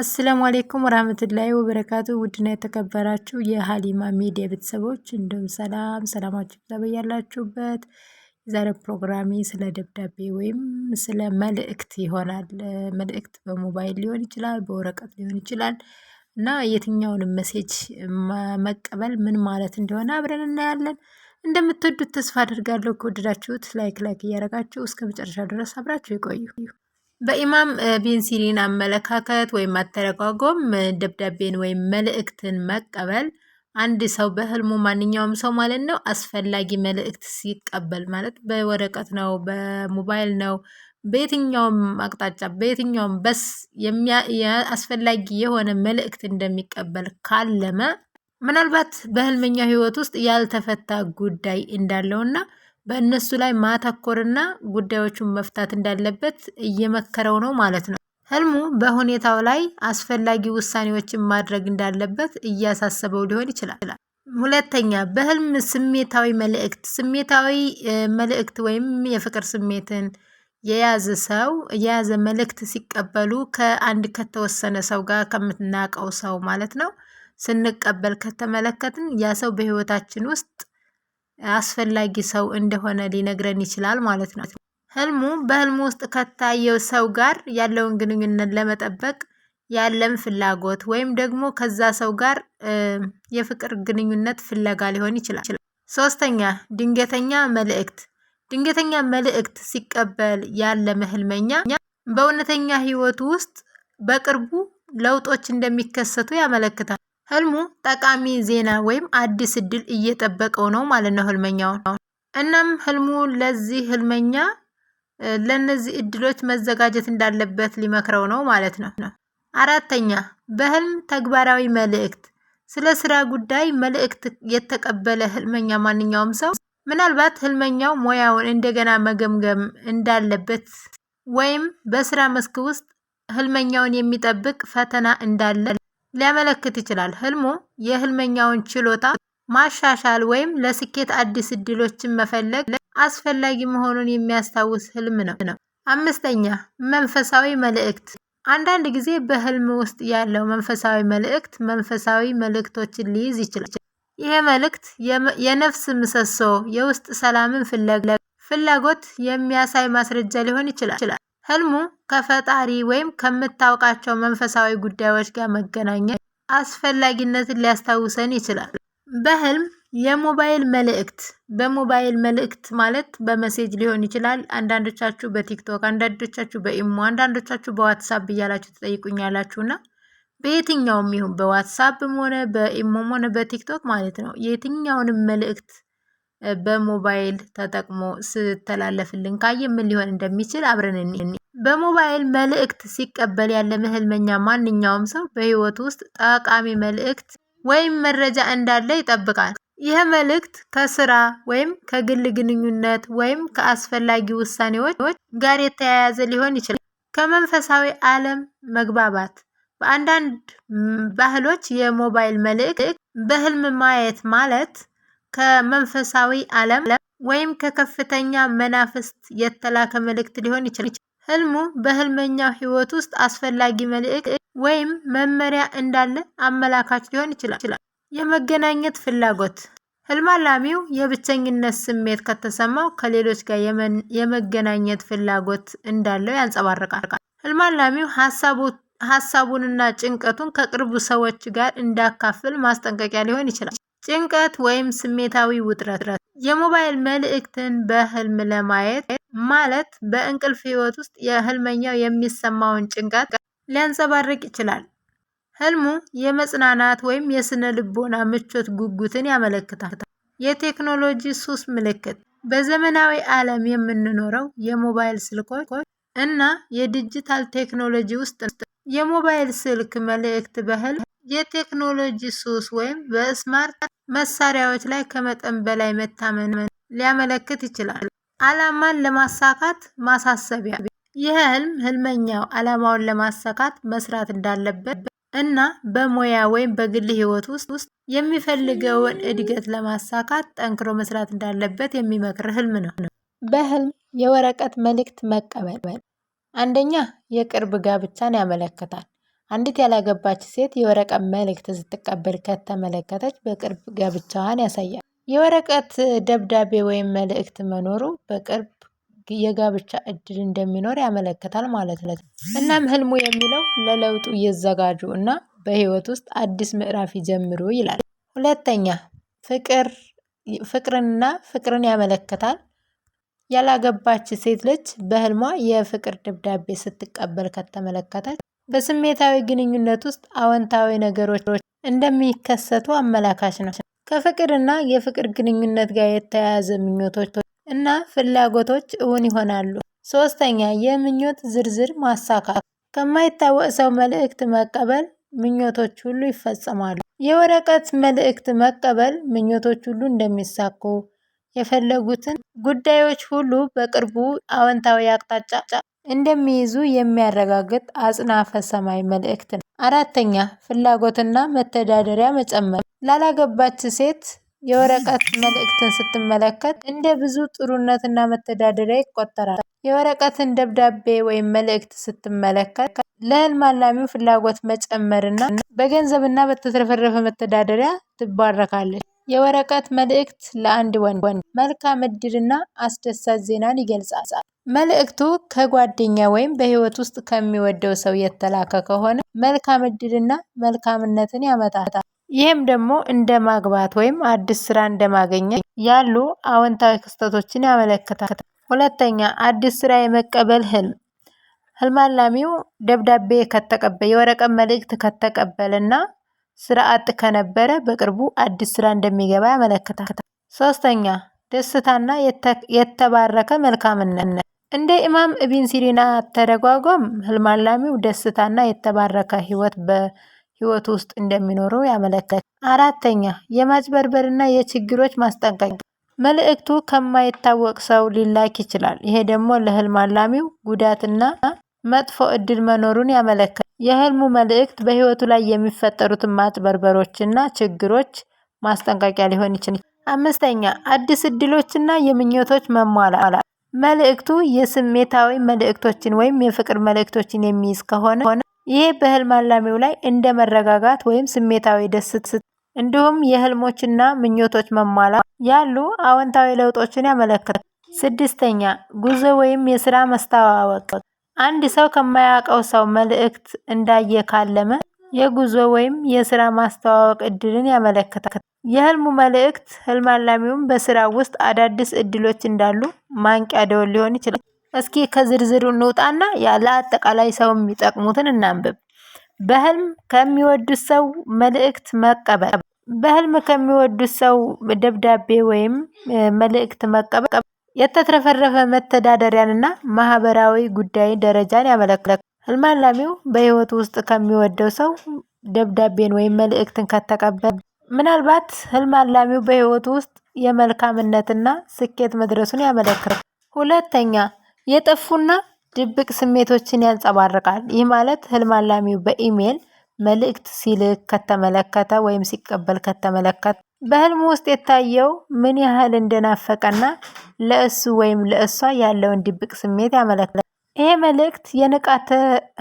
አሰላሙ አሌይኩም ወራህመቱላሂ ወበረካቱ ውድና የተከበራችሁ የሀሊማ ሚዲያ ቤተሰቦች እንደም ሰላም ሰላማችሁ ያላችሁበት የዛሬ ፕሮግራሜ ስለ ደብዳቤ ወይም ስለ መልእክት ይሆናል። መልእክት በሞባይል ሊሆን ይችላል፣ በወረቀት ሊሆን ይችላል እና የትኛውንም መሴጅ መቀበል ምን ማለት እንደሆነ አብረን እናያለን። እንደምትወዱት ተስፋ አድርጋለሁ። ከወደዳችሁት ላይክ ላይክ እያደረጋችሁ እስከ መጨረሻ ድረስ አብራችሁ ይቆዩ። በኢማም ቢን ሲሪን አመለካከት ወይም አተረጓጎም ደብዳቤን ወይም መልእክትን መቀበል አንድ ሰው በህልሙ ማንኛውም ሰው ማለት ነው አስፈላጊ መልእክት ሲቀበል ማለት በወረቀት ነው፣ በሞባይል ነው፣ በየትኛውም አቅጣጫ በየትኛውም በስ አስፈላጊ የሆነ መልእክት እንደሚቀበል ካለመ ምናልባት በህልመኛው ህይወት ውስጥ ያልተፈታ ጉዳይ እንዳለውና በእነሱ ላይ ማተኮርና ጉዳዮቹን መፍታት እንዳለበት እየመከረው ነው ማለት ነው። ህልሙ በሁኔታው ላይ አስፈላጊ ውሳኔዎችን ማድረግ እንዳለበት እያሳሰበው ሊሆን ይችላል። ሁለተኛ በህልም ስሜታዊ መልእክት ስሜታዊ መልእክት ወይም የፍቅር ስሜትን የያዘ ሰው የያዘ መልእክት ሲቀበሉ ከአንድ ከተወሰነ ሰው ጋር ከምትናቀው ሰው ማለት ነው ስንቀበል ከተመለከትን ያ ሰው በህይወታችን ውስጥ አስፈላጊ ሰው እንደሆነ ሊነግረን ይችላል ማለት ነው። ህልሙ በህልሙ ውስጥ ከታየው ሰው ጋር ያለውን ግንኙነት ለመጠበቅ ያለም ፍላጎት ወይም ደግሞ ከዛ ሰው ጋር የፍቅር ግንኙነት ፍለጋ ሊሆን ይችላል። ሶስተኛ ድንገተኛ መልእክት ድንገተኛ መልእክት ሲቀበል ያለ ህልመኛ በእውነተኛ ህይወቱ ውስጥ በቅርቡ ለውጦች እንደሚከሰቱ ያመለክታል ህልሙ ጠቃሚ ዜና ወይም አዲስ እድል እየጠበቀው ነው ማለት ነው ህልመኛው። እናም ህልሙ ለዚህ ህልመኛ ለእነዚህ እድሎች መዘጋጀት እንዳለበት ሊመክረው ነው ማለት ነው። አራተኛ በህልም ተግባራዊ መልእክት። ስለ ስራ ጉዳይ መልእክት የተቀበለ ህልመኛ ማንኛውም ሰው ምናልባት ህልመኛው ሙያውን እንደገና መገምገም እንዳለበት ወይም በስራ መስክ ውስጥ ህልመኛውን የሚጠብቅ ፈተና እንዳለ ሊያመለክት ይችላል። ህልሙ የህልመኛውን ችሎታ ማሻሻል ወይም ለስኬት አዲስ እድሎችን መፈለግ አስፈላጊ መሆኑን የሚያስታውስ ህልም ነው። አምስተኛ መንፈሳዊ መልእክት። አንዳንድ ጊዜ በህልም ውስጥ ያለው መንፈሳዊ መልእክት መንፈሳዊ መልእክቶችን ሊይዝ ይችላል። ይሄ መልእክት የነፍስ ምሰሶ፣ የውስጥ ሰላምን ፍላጎት የሚያሳይ ማስረጃ ሊሆን ይችላል። ህልሙ ከፈጣሪ ወይም ከምታውቃቸው መንፈሳዊ ጉዳዮች ጋር መገናኘት አስፈላጊነትን ሊያስታውሰን ይችላል። በህልም የሞባይል መልእክት በሞባይል መልእክት ማለት በመሴጅ ሊሆን ይችላል። አንዳንዶቻችሁ በቲክቶክ፣ አንዳንዶቻችሁ በኢሞ፣ አንዳንዶቻችሁ በዋትሳፕ እያላችሁ ትጠይቁኛላችሁ እና በየትኛውም ይሁን በዋትሳፕም ሆነ በኢሞም ሆነ በቲክቶክ ማለት ነው የትኛውንም መልእክት በሞባይል ተጠቅሞ ስተላለፍልን ካየ ምን ሊሆን እንደሚችል አብረን እኒ በሞባይል መልእክት ሲቀበል ያለ ህልመኛ ማንኛውም ሰው በህይወቱ ውስጥ ጠቃሚ መልእክት ወይም መረጃ እንዳለ ይጠብቃል። ይህ መልእክት ከስራ ወይም ከግል ግንኙነት ወይም ከአስፈላጊ ውሳኔዎች ጋር የተያያዘ ሊሆን ይችላል። ከመንፈሳዊ ዓለም መግባባት በአንዳንድ ባህሎች የሞባይል መልእክት በህልም ማየት ማለት ከመንፈሳዊ ዓለም ወይም ከከፍተኛ መናፍስት የተላከ መልእክት ሊሆን ይችላል። ህልሙ በህልመኛው ህይወት ውስጥ አስፈላጊ መልእክት ወይም መመሪያ እንዳለ አመላካች ሊሆን ይችላል። የመገናኘት ፍላጎት ህልማላሚው የብቸኝነት ስሜት ከተሰማው ከሌሎች ጋር የመገናኘት ፍላጎት እንዳለው ያንጸባርቃል። ህልማላሚው ሀሳቡንና ጭንቀቱን ከቅርቡ ሰዎች ጋር እንዳካፍል ማስጠንቀቂያ ሊሆን ይችላል። ጭንቀት ወይም ስሜታዊ ውጥረት የሞባይል መልእክትን በህልም ለማየት ማለት በእንቅልፍ ህይወት ውስጥ የህልመኛው የሚሰማውን ጭንቀት ሊያንጸባርቅ ይችላል። ህልሙ የመጽናናት ወይም የስነ ልቦና ምቾት ጉጉትን ያመለክታል። የቴክኖሎጂ ሱስ ምልክት በዘመናዊ ዓለም የምንኖረው የሞባይል ስልኮች እና የዲጂታል ቴክኖሎጂ ውስጥ የሞባይል ስልክ መልእክት በህልም የቴክኖሎጂ ሱስ ወይም በስማርት መሳሪያዎች ላይ ከመጠን በላይ መታመን ሊያመለክት ይችላል። ዓላማን ለማሳካት ማሳሰቢያ፣ ይህ ህልም ህልመኛው ዓላማውን ለማሳካት መስራት እንዳለበት እና በሙያ ወይም በግል ህይወት ውስጥ ውስጥ የሚፈልገውን እድገት ለማሳካት ጠንክሮ መስራት እንዳለበት የሚመክር ህልም ነው። በህልም የወረቀት መልእክት መቀበል አንደኛ የቅርብ ጋብቻን ያመለክታል። አንዲት ያላገባች ሴት የወረቀት መልእክት ስትቀበል ከተመለከተች በቅርብ ጋብቻዋን ያሳያል። የወረቀት ደብዳቤ ወይም መልእክት መኖሩ በቅርብ የጋብቻ እድል እንደሚኖር ያመለክታል ማለት ነው። እናም ህልሙ የሚለው ለለውጡ እየዘጋጁ እና በህይወት ውስጥ አዲስ ምዕራፍ ይጀምሩ ይላል። ሁለተኛ ፍቅር ፍቅርንና ፍቅርን ያመለክታል። ያላገባች ሴት ልጅ በህልሟ የፍቅር ደብዳቤ ስትቀበል ከተመለከተች በስሜታዊ ግንኙነት ውስጥ አዎንታዊ ነገሮች እንደሚከሰቱ አመላካች ነው። ከፍቅርና የፍቅር ግንኙነት ጋር የተያያዘ ምኞቶች እና ፍላጎቶች እውን ይሆናሉ። ሶስተኛ የምኞት ዝርዝር ማሳካት፣ ከማይታወቅ ሰው መልእክት መቀበል ምኞቶች ሁሉ ይፈጸማሉ። የወረቀት መልእክት መቀበል ምኞቶች ሁሉ እንደሚሳኩ የፈለጉትን ጉዳዮች ሁሉ በቅርቡ አዎንታዊ አቅጣጫ እንደሚይዙ የሚያረጋግጥ አጽናፈ ሰማይ መልእክት ነው። አራተኛ ፍላጎትና መተዳደሪያ መጨመር። ላላገባች ሴት የወረቀት መልእክትን ስትመለከት እንደ ብዙ ጥሩነትና መተዳደሪያ ይቆጠራል። የወረቀትን ደብዳቤ ወይም መልእክት ስትመለከት ለህልም አላሚው ፍላጎት መጨመርና በገንዘብና በተትረፈረፈ መተዳደሪያ ትባረካለች። የወረቀት መልእክት ለአንድ ወንድ መልካም ዕድልና አስደሳች ዜናን ይገልጻል። መልእክቱ ከጓደኛ ወይም በህይወት ውስጥ ከሚወደው ሰው የተላከ ከሆነ መልካም ዕድልና መልካምነትን ያመጣል። ይህም ደግሞ እንደ ማግባት ወይም አዲስ ስራ እንደማገኘት ያሉ አዎንታዊ ክስተቶችን ያመለክታል። ሁለተኛ፣ አዲስ ስራ የመቀበል ህልም። ህልማላሚው ደብዳቤ ከተቀበለ የወረቀት መልእክት ከተቀበለና ስራ አጥ ከነበረ በቅርቡ አዲስ ስራ እንደሚገባ ያመለክታል። ሶስተኛ ደስታና የተባረከ መልካምነት እንደ ኢማም ኢብን ሲሪና ተደጓጎም ህልማላሚው ደስታና የተባረከ ህይወት በህይወቱ ውስጥ እንደሚኖረው ያመለክታል። አራተኛ የማጭበርበርና የችግሮች ማስጠንቀቂያ መልእክቱ ከማይታወቅ ሰው ሊላክ ይችላል። ይሄ ደግሞ ለህልማላሚው ጉዳትና መጥፎ እድል መኖሩን ያመለክታል። የህልሙ መልእክት በህይወቱ ላይ የሚፈጠሩትን ማጭበርበሮችና ችግሮች ማስጠንቀቂያ ሊሆን ይችላል። አምስተኛ አዲስ እድሎችና የምኞቶች መሟላት። መልእክቱ የስሜታዊ መልእክቶችን ወይም የፍቅር መልእክቶችን የሚይዝ ከሆነ ይህ በህልም አላሚው ላይ እንደ መረጋጋት ወይም ስሜታዊ ደስት እንዲሁም የህልሞችና ምኞቶች መሟላት ያሉ አዎንታዊ ለውጦችን ያመለክታል። ስድስተኛ ጉዞ ወይም የስራ መስተዋወቅ አንድ ሰው ከማያውቀው ሰው መልእክት እንዳየ ካለመ የጉዞ ወይም የስራ ማስተዋወቅ እድልን ያመለክታል። የህልሙ መልእክት ህልም አላሚውም ውስጥ አዳዲስ እድሎች እንዳሉ ማንቂያ ደወል ሊሆን ይችላል። እስኪ ከዝርዝሩ እንውጣና አጠቃላይ ሰው የሚጠቅሙትን እናንብብ። በህልም ከሚወዱት ሰው መልእክት መቀበል። በህልም ከሚወዱት ሰው ደብዳቤ ወይም መልእክት መቀበል የተትረፈረፈ መተዳደሪያንና ማህበራዊ ጉዳይ ደረጃን ያመለክታል። አልማላሚው በህይወቱ ውስጥ ከሚወደው ሰው ደብዳቤን ወይም መልእክትን ከተቀበል ምናልባት ህልማላሚው በህይወቱ ውስጥ የመልካምነትና ስኬት መድረሱን ያመለክታል። ሁለተኛ የጠፉና ድብቅ ስሜቶችን ያንጸባርቃል። ይህ ማለት ህልማላሚው በኢሜይል መልእክት ሲልክ ከተመለከተ ወይም ሲቀበል ከተመለከተ በህልም ውስጥ የታየው ምን ያህል እንደናፈቀና ለእሱ ወይም ለእሷ ያለውን ድብቅ ስሜት ያመለክታል። ይሄ መልእክት የንቃተ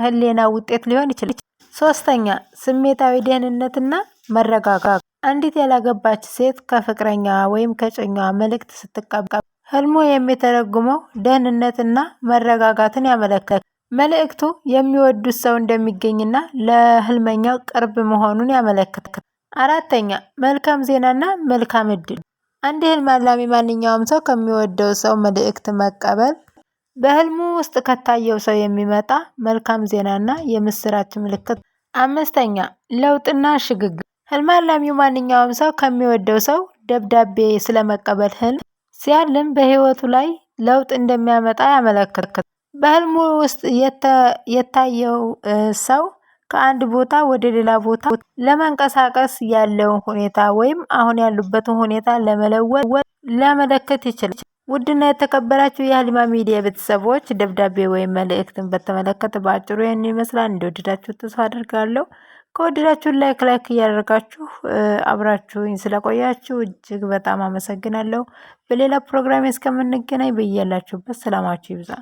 ህሌና ውጤት ሊሆን ይችላል። ሶስተኛ ስሜታዊ ደህንነትና መረጋጋት። አንዲት ያላገባች ሴት ከፍቅረኛዋ ወይም ከእጮኛዋ መልእክት ስትቀበል ህልሙ የሚተረጉመው ደህንነትና መረጋጋትን ያመለክታል። መልእክቱ የሚወዱት ሰው እንደሚገኝና ለህልመኛው ቅርብ መሆኑን ያመለክታል። አራተኛ መልካም ዜናና መልካም እድል። አንድ ህልም አላሚ ማንኛውም ሰው ከሚወደው ሰው መልእክት መቀበል በህልሙ ውስጥ ከታየው ሰው የሚመጣ መልካም ዜናና የምስራች ምልክት። አምስተኛ ለውጥና ሽግግር። ህልም አላሚው ማንኛውም ሰው ከሚወደው ሰው ደብዳቤ ስለመቀበል ህልም ሲያልም በህይወቱ ላይ ለውጥ እንደሚያመጣ ያመለክታል። በህልሙ ውስጥ የታየው ሰው ከአንድ ቦታ ወደ ሌላ ቦታ ለመንቀሳቀስ ያለውን ሁኔታ ወይም አሁን ያሉበትን ሁኔታ ለመለወጥ ለመለከት ይችላል። ውድና የተከበራችሁ የሀሊማ ሚዲያ ቤተሰቦች ደብዳቤ ወይም መልእክትን በተመለከተ በአጭሩ ይህን ይመስላል። እንደወደዳችሁ ተስፋ አድርጋለሁ። ከወደዳችሁን ላይክ ላይክ እያደረጋችሁ አብራችሁኝ ስለቆያችሁ እጅግ በጣም አመሰግናለሁ። በሌላ ፕሮግራም እስከምንገናኝ በያላችሁበት ሰላማችሁ ይብዛ።